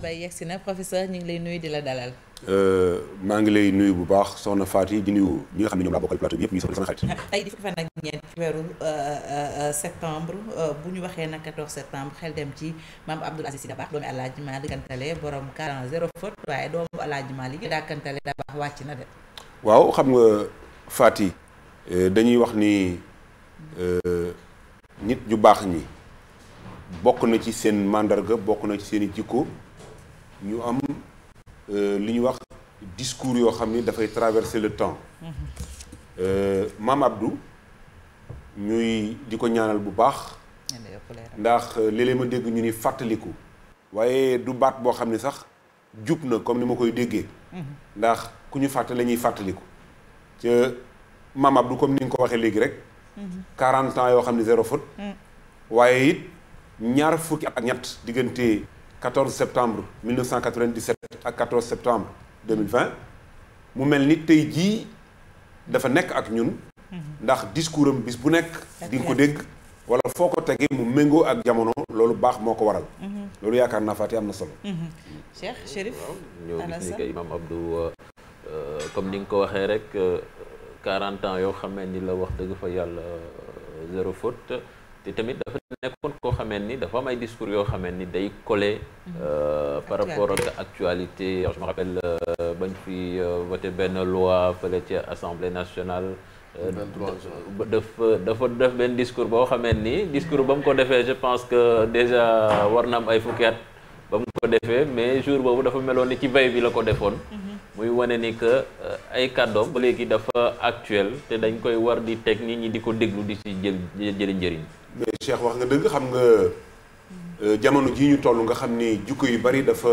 bay yegsi na professeur ñu ngi lay nuyu di la dalal. Euh, maa ngi lay nuyu bu baax soxna Faty di nuyu ñi nga xam ne ñoom laa bokkal plateau bi yëpp ñu soxna sama xarit. Ah, tey di fukki ñeent weeru euh, euh, septembre bu ñu waxee nag 14 xel dem ci maam Abdoul Aziz Sy Dabakh doomu Alaaji Maalik kantale borom 40 zéro faute waaye doomu Alaaji Maalik daa kantale Dabakh wàcc na de. waaw xam nga Faty dañuy wax ni nit ñu baax ñi bokk na ci seen màndarga bokk na ci seen i jikko. ñu am euh, li ñu wax discours yoo xam ni dafay traversé le temps euh, Maam Abdou ñuy di ko ñaanal bu baax ndax euh, léeg ma dégg ñu ni fàttaliku waaye du baat boo xam ni sax jub na comme ni ma koy déggee ndax ku ñu fàtte la ñuy fàttaliku ca Maam Abdou comme ni nga ko waxee léegi rek quarante ans yoo xam ni zéro faute mm. waaye it ñaar fukki ak ñett diggante 14 septembre 1997 ak 14 septembre 2020 mu mel ni tey jii dafa nekk ak ñun. Mhm. ndax discours am bis bu nekk. di nga ko dégg wala foo ko tegi mu méngoo ak jamono loolu baax moo ko waral. Mhm. loolu yaakaar naa Faty am na solo. Mhm. Cheikh Chérif. ñoo gis ni que Imam Abdou euh, comme ni nga ko waxee rek 40 euh, ans yoo xamee ni la wax dëgg fa yàlla euh, zéro faute. te tamit dafa nekkoon koo xamee ni dafa am ay discours yoo xamee ni day collé mhm. euh, par rapport ak actualité je euh, bañ fi euh, voté benn loi fële ci assemblée nationale dafa dafa def benn discours boo xamee ni discours ba mu ko defee je pense que déjà war na am ay fukki at ba mu ko defee mais jour boobu dafa meloon ni ci veille bi la ko defoon mhm. muy wane ni que ay kàddoom ba léegi dafa actuel te dañ koy war di technique nit ñi di ko déglu di si jël jëli njëriñ Cheikh wax nga dëgg xam nga euh, jamono jii ñu toll nga xam ni jukko yu bari dafa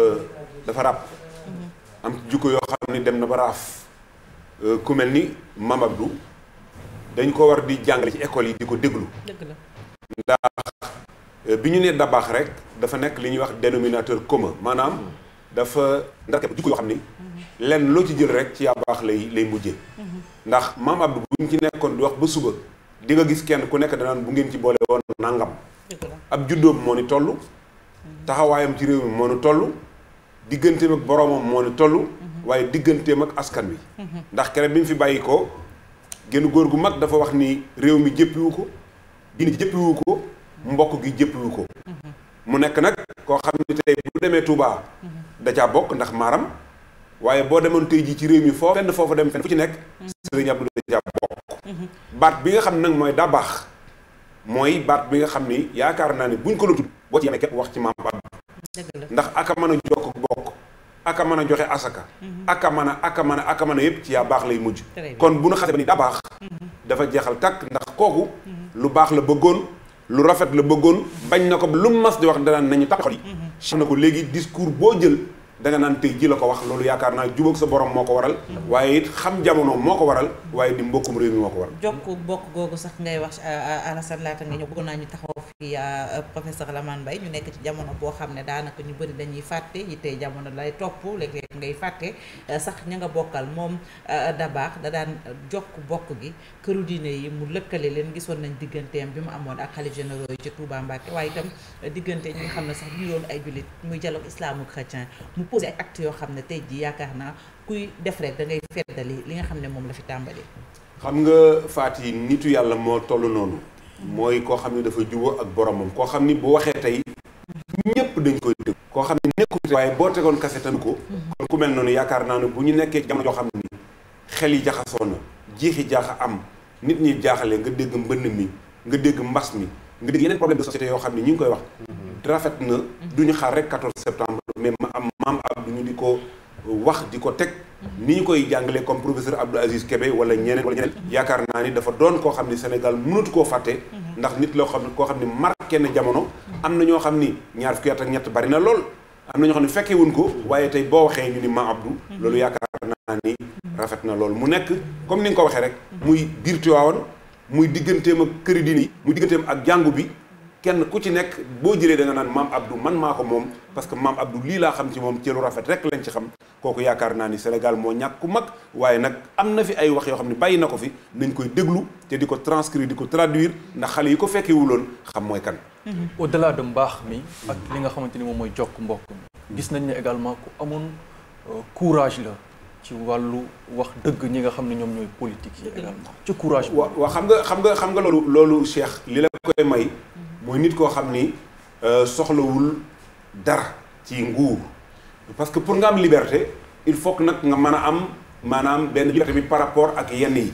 dafa ràpp am jukko yoo xam ni dem na ba raaf euh, ku mel ni Mame Abdou dañ ko war di jàngale ci école yi di ko déglu ndax euh, bi ñu nee dabaax rek dafa nekk li ñuy wax dénominateur commun maanaam dafa ndax jukko yoo xam ni lenn loo ci jël rek ci yaa baax lay lay mujje mm-hmm. ndax Mame Abdou bu ñu ci nekkoon di wax ba suba di nga gis kenn ku nekk danaan bu ngeen ci boole woon nangam. ab juddoom moo ni toll. taxawaayam ci réew mi moo ni toll. digganteem ak boroomam moo ni toll. waaye digganteem ak askan wi. ndax keneen bi mu fi bàyyi ko génn góor gu mag dafa wax ni réew mi jëppiwu ko. diine jëppiwu ko. mbokk gi jëppiwu ko. mu nekk nag koo xam ne tey bu demee Touba. da caa bokk ndax maaram. waaye boo demoon tey jii ci réew mi foofu fenn foofu dem fenn fu ci nekk. sëriñ Abdou baat bi nga xam nag mooy daa baax mooy baat bi nga xam ni yaakaar naa ne buñ ko la tudd boo ci yemee képp wax ci maam baat ndax aka mën a jokk bokk aka mën a joxe asaka mm-hmm. aka mën a aka mën a aka mën a yëpp ci yaa baax lay mujj kon bu nu xasee ba ni daa baax mm-hmm. dafa jeexal takk ndax kooku mm-hmm. lu baax la bëggoon lu rafet la bëggoon bañ na ko lu mas di wax danaan nañu tax xol yi na ko léegi discours boo jël danga naan tey ji la ko wax loolu yaakaar naa jubóog sa borom moo ko waral. waaye it xam jamono moo ko waral waaye di mbokkum réew mi moo ko waral. jokk bokk googu sax ngay wax euh, euh, Alassane laata nga ñëw bëggoon naa ñu taxaw fii euh, professeur Lamane Mbaye ñu nekk ci jamono boo xam ne daanaka ñu bëri dañuy fàtte yi tey jamono day topp léegi ngay fàtte euh, sax ña nga bokkal moom euh, dabaax da daan jokk bokk gi këru diine yi mu lëkkale leen gisoon nañ digganteem bi mu amoon ak xalif généraux yi ci Touba Mbacké waaye itam euh, diggante ñi nga xam ne sax ñu doon ay jullit muy dialogue islamo-chrétien mu posé ay yoo xam ne tey ji yaakaar naa kuy def rek da ngay feddali li nga xam ne moom la fi tàmbali xam nga faat yi nitu yàlla moo toll noonu mooy koo xam ne dafa juboo ak boromam koo xam ni bu waxee tey ñëpp dañ koy koo xam ne boo tegoon kasetan ko mm-hmm. ku mel noonu yaakaar naa ne bu ñu nekkee jamono joo xam ni xel yi jaxasoo na jiixi jaaxa am nit ñi jaaxale nga dégg mbënn mi nga dégg mbas mi nga dégg yeneen problème de société yoo xam ne ñu ngi koy wax mhm. rafet na duñu xaar rek 14 septembre mais ma am maam ñu di ko wax di ko teg mhm. ni ñu koy jàngalee comme professeur Abdou Aziz Kébé wala ñeneen wala ñeneen yaakaar naa ni dafa doon koo xam ni Sénégal mënut koo fàtte mhm. ndax nit loo xam ne koo xam ne marqué kenn jamono am na ñoo xam ni ñaar fukki at bari na lool am na ñoo xam ne fekkee wuñ ko waaye tey boo waxee ñu ni ma Abdou loolu yaakaar naa ni rafet na loolu mu nekk comme ni nga ko waxee rek muy biir Tiwaawan muy digganteem ak këri dini muy digganteem ak jàngu bi kenn ku ci nekk boo jëlee da nga naan maam Abdou man maa ko moom parce que maam Abdou lii laa xam ci moom ci lu rafet rek lañ ci xam kooku yaakaar naa ni Sénégal moo ñàkk ku mag waaye nag am na fi ay wax yoo xam ne bàyyi na ko fi nañ koy déglu te di ko transcrire di ko traduire ndax xale yi ko fekkewuloon xam mooy kan. au delà de mbaax mi. ak li nga xamante ni moom mooy jokk mbokk mi. gis nañ ne également ku amoon euh, courage la. ci wàllu wax dëgg ñi nga xam ne ñoom ñooy politique yi également ci courage. waaw xam nga xam nga xam nga loolu loolu Cheikh li la koy may mooy nit koo xam ni euh, soxlawul dara ci nguur parce que pour nga am liberté il faut que nag nga mën a am maanaam benn liberté bi par rapport ak yenn yi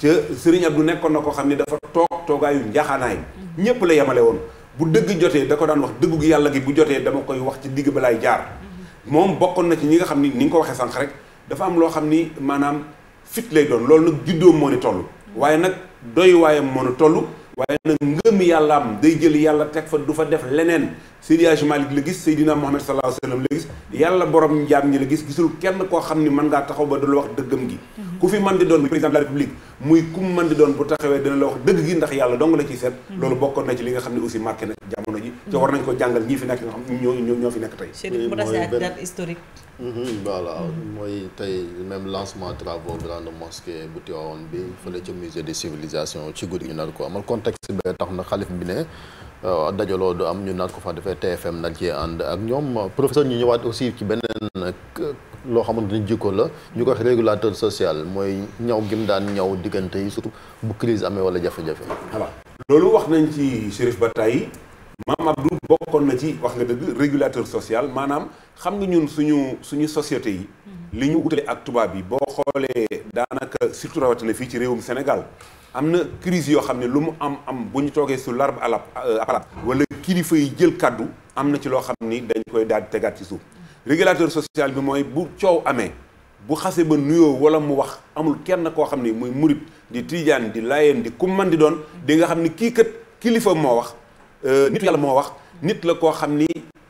ca Serigne Abdou nekkoon na ko xam ni dafa toog toogaayu njaaxaanaay ñépp la yemale woon bu dëgg jotee da ko daan wax dëggu gi yàlla gi bu jotee dama koy wax ci digg balaay jaar moom bokkoon na ci ñi nga xam ni ni nga ko waxee sànq rek dafa am loo xam ni maanaam fit lay doon loolu nag juddoo moo ni toll waaye nag doy moo ni toll waaye nag ngëm yàllaam day jël yàlla teg fa du fa def leneen Seydi Hadji Malick la gis Seydina Muhammad sallallahu alayhi wa sallam la gis yàlla borom njaam ñi la gis gisul kenn koo xam ni mën ngaa taxaw ba du la wax dëggam gi mhm. ku fi mën di doon président de la république muy ku mu di doon bu taxawee dina la wax dëgg gi ndax yàlla dong la ciy seet mhm. loolu bokkoon na ci li nga xam ne aussi marqué na jamono ji te mhm. war nañ ko jàngal ñii fi nekk nga xam ñoo fi nekk tey Mhm, voilà mooy tey même lancement travaux grande mosquée bu Tivaouane bi fële ca musée des civilisations ci guddi ñu nar ko amal contexte bee tax na xalif bi ne euh, dajaloo du am ñu nar ko fa defee TFM nar ci ànd ak ñoom professeur ñu ñëwaat aussi ci beneen loo xamante ni jikko la ñu ko wax régulateur social mooy ñaw gim daan ñaw diggante yi surtout bu crise amee wala jafe-jafe. loolu wax nañ ci Chérif Bataay maam Abdou bokkoon na ci wax nga dëgg régulateur social maanaam xam nga ñun suñu suñu société yi. Mm-hmm. li ñu utale ak tubaab yi boo xoolee daanaka surtout rawatina fii ci réewum Sénégal am na crise yoo xam ne lu mu am am bu ñu toogee su l'arbre à l'apparat wala kilifa yi jël kàddu am na ci loo xam ni dañ koy daal di tegaat ci suuf. Mm-hmm. régulateur social bi mooy bu coow amee bu xase ba nuyoo wala mu wax amul kenn koo xam ni muy murit di tijaan di laayeen di ku man di doon mm-hmm. di nga xam ni kii kat kilifa moo wax. Euh, nitu yàlla moo wax nit la koo xam ni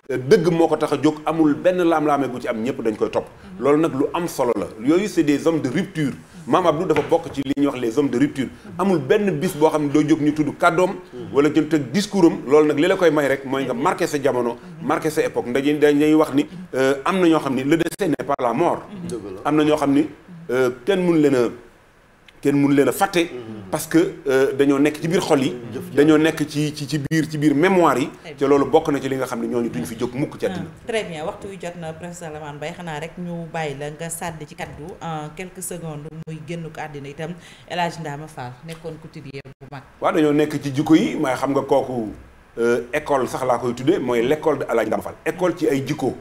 euh, dëgg moo ko tax a jóg amul benn laam-laame gu ci am ñëpp dañ koy topp loolu nag lu am solo la yooyu c'est des hommes de rupture maam Abdou dafa bokk ci li ñuy wax les hommes de rupture amul benn bis boo xam ne doo jóg ñu tudd kàddoom wala jël teg discours am loolu nag li la koy may rek mooy nga marqué sa jamono marqué sa époque ndaje dañuy wax ni euh, am na ñoo xam ni le décès n'est pas la am na ñoo xam ni kenn mun leen kenn mun leen a fàtte mhm. parce que euh, dañoo nekk ci biir xol yi dañoo nekk ci ci ci biir ci biir mémoire yi eh te loolu bokk na ci li nga xam ne ñooñu duñ fi jóg mukk ci àddina ah, très bien waxtu yu jot na professeur Lamane Baye xanaa rek ñu bàyyi la nga sàdd ci kaddu en quelques secondes muy génn ko àddina itam El Hadj Ndama Fall nekkoon couturier bu mag waaw dañoo nekk ci jikko yi may xam nga kooku euh, école sax laa koy tuddee mooy l'école de El Hadj Ndama Fall école ci ay jikko